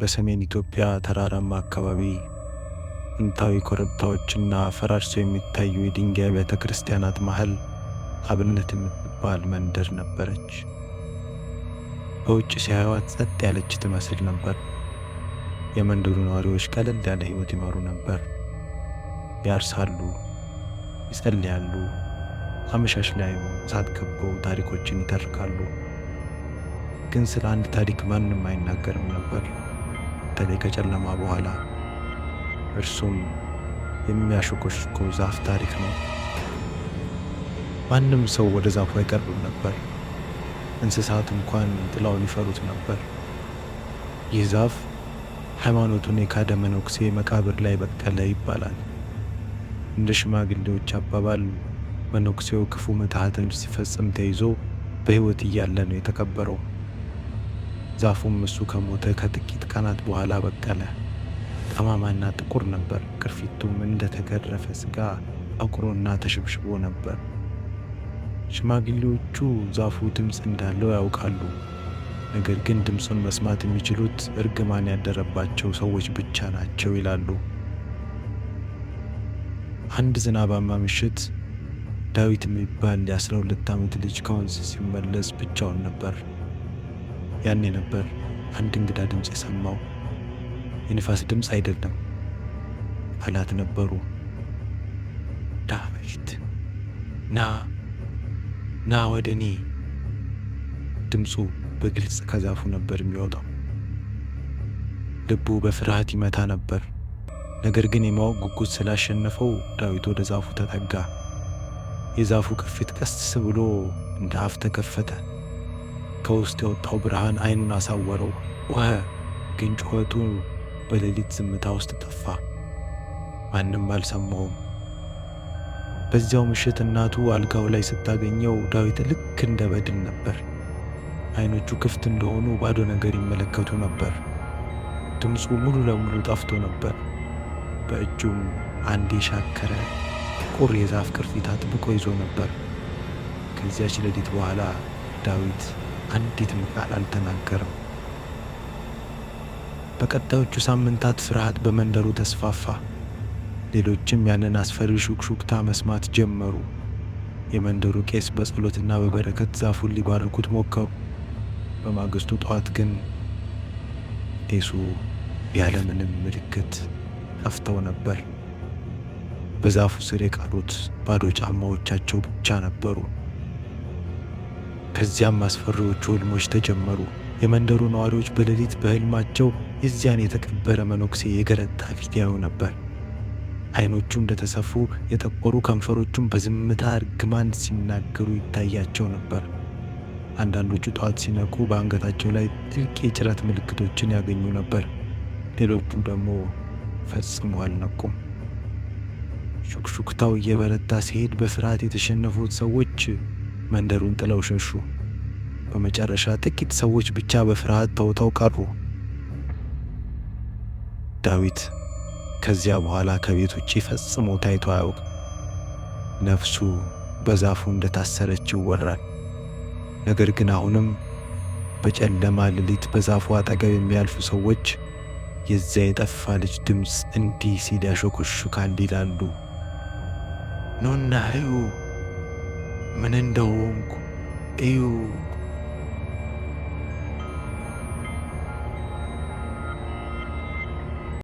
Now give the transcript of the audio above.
በሰሜን ኢትዮጵያ ተራራማ አካባቢ ጥንታዊ ኮረብታዎችና ፈራርሰው የሚታዩ የድንጋይ ቤተ ክርስቲያናት መሃል አብነት የምትባል መንደር ነበረች። በውጭ ሲያዩዋት ጸጥ ያለች ትመስል ነበር። የመንደሩ ነዋሪዎች ቀለል ያለ ሕይወት ይመሩ ነበር። ያርሳሉ፣ ይጸልያሉ፣ አመሻሽ ላይ እሳት ከበው ታሪኮችን ይተርካሉ። ግን ስለ አንድ ታሪክ ማንም አይናገርም ነበር። በተለይ ከጨለማ በኋላ እርሱም የሚያሾኮሽኮ ዛፍ ታሪክ ነው። ማንም ሰው ወደ ዛፉ አይቀርብም ነበር። እንስሳት እንኳን ጥላውን ይፈሩት ነበር። ይህ ዛፍ ሃይማኖቱን የካደ መነኩሴ መቃብር ላይ በቀለ ይባላል። እንደ ሽማግሌዎች አባባል መነኩሴው ክፉ ምትሃትን ሲፈጽም ተይዞ በሕይወት እያለ ነው የተከበረው። ዛፉም እሱ ከሞተ ከጥቂት ቀናት በኋላ በቀለ። ጠማማና ጥቁር ነበር። ቅርፊቱም እንደተገረፈ ሥጋ አቁሮና ተሸብሽቦ ነበር። ሽማግሌዎቹ ዛፉ ድምፅ እንዳለው ያውቃሉ። ነገር ግን ድምፁን መስማት የሚችሉት እርግማን ያደረባቸው ሰዎች ብቻ ናቸው ይላሉ። አንድ ዝናባማ ምሽት ዳዊት የሚባል የ ሁለት ዓመት ልጅ ከወንዝ ሲመለስ ብቻውን ነበር። ያኔ ነበር አንድ እንግዳ ድምፅ የሰማው። የንፋስ ድምፅ አይደለም፣ አላት ነበሩ። ዳዊት ና ና ወደ እኔ። ድምፁ በግልጽ ከዛፉ ነበር የሚወጣው። ልቡ በፍርሃት ይመታ ነበር። ነገር ግን የማወቅ ጉጉት ስላሸነፈው ዳዊት ወደ ዛፉ ተጠጋ። የዛፉ ቅርፊት ቀስ ብሎ እንደ አፍ ተከፈተ። ከውስጥ የወጣው ብርሃን ዓይንን አሳወረው። ጮኸ፣ ግን ጩኸቱ በሌሊት ዝምታ ውስጥ ጠፋ። ማንም አልሰማውም። በዚያው ምሽት እናቱ አልጋው ላይ ስታገኘው ዳዊት ልክ እንደ በድን ነበር። ዓይኖቹ ክፍት እንደሆኑ ባዶ ነገር ይመለከቱ ነበር። ድምፁ ሙሉ ለሙሉ ጠፍቶ ነበር። በእጁም አንድ የሻከረ ጥቁር የዛፍ ቅርፊት አጥብቆ ይዞ ነበር። ከዚያች ሌሊት በኋላ ዳዊት አንዲትም ቃል አልተናገረም። በቀጣዮቹ ሳምንታት ፍርሃት በመንደሩ ተስፋፋ። ሌሎችም ያንን አስፈሪ ሹክሹክታ መስማት ጀመሩ። የመንደሩ ቄስ በጸሎትና በበረከት ዛፉን ሊባርኩት ሞከሩ። በማግስቱ ጠዋት ግን ቄሱ ያለምንም ምልክት ጠፍተው ነበር። በዛፉ ስር የቀሩት ባዶ ጫማዎቻቸው ብቻ ነበሩ። ከዚያም አስፈሪዎቹ ህልሞች ተጀመሩ። የመንደሩ ነዋሪዎች በሌሊት በህልማቸው የዚያን የተቀበረ መነኩሴ የገረጣ ፊት ያዩ ነበር። አይኖቹ እንደተሰፉ የጠቆሩ ከንፈሮቹም በዝምታ እርግማን ሲናገሩ ይታያቸው ነበር። አንዳንዶቹ ጠዋት ሲነቁ በአንገታቸው ላይ ጥልቅ የጭረት ምልክቶችን ያገኙ ነበር። ሌሎቹ ደግሞ ፈጽሞ አልነቁም። ሹክሹክታው እየበረታ ሲሄድ በፍርሃት የተሸነፉት ሰዎች መንደሩን ጥለው ሸሹ። በመጨረሻ ጥቂት ሰዎች ብቻ በፍርሃት ተውተው ቀሩ። ዳዊት ከዚያ በኋላ ከቤት ውጪ ፈጽሞ ታይቶ አያውቅ። ነፍሱ በዛፉ እንደታሰረች ይወራል። ነገር ግን አሁንም በጨለማ ሌሊት በዛፉ አጠገብ የሚያልፉ ሰዎች የዚያ የጠፋ ልጅ ድምፅ እንዲህ ሲል ያሾኮሹካል ይላሉ። ኑና እዩ ምን እንደሆንኩ እዩ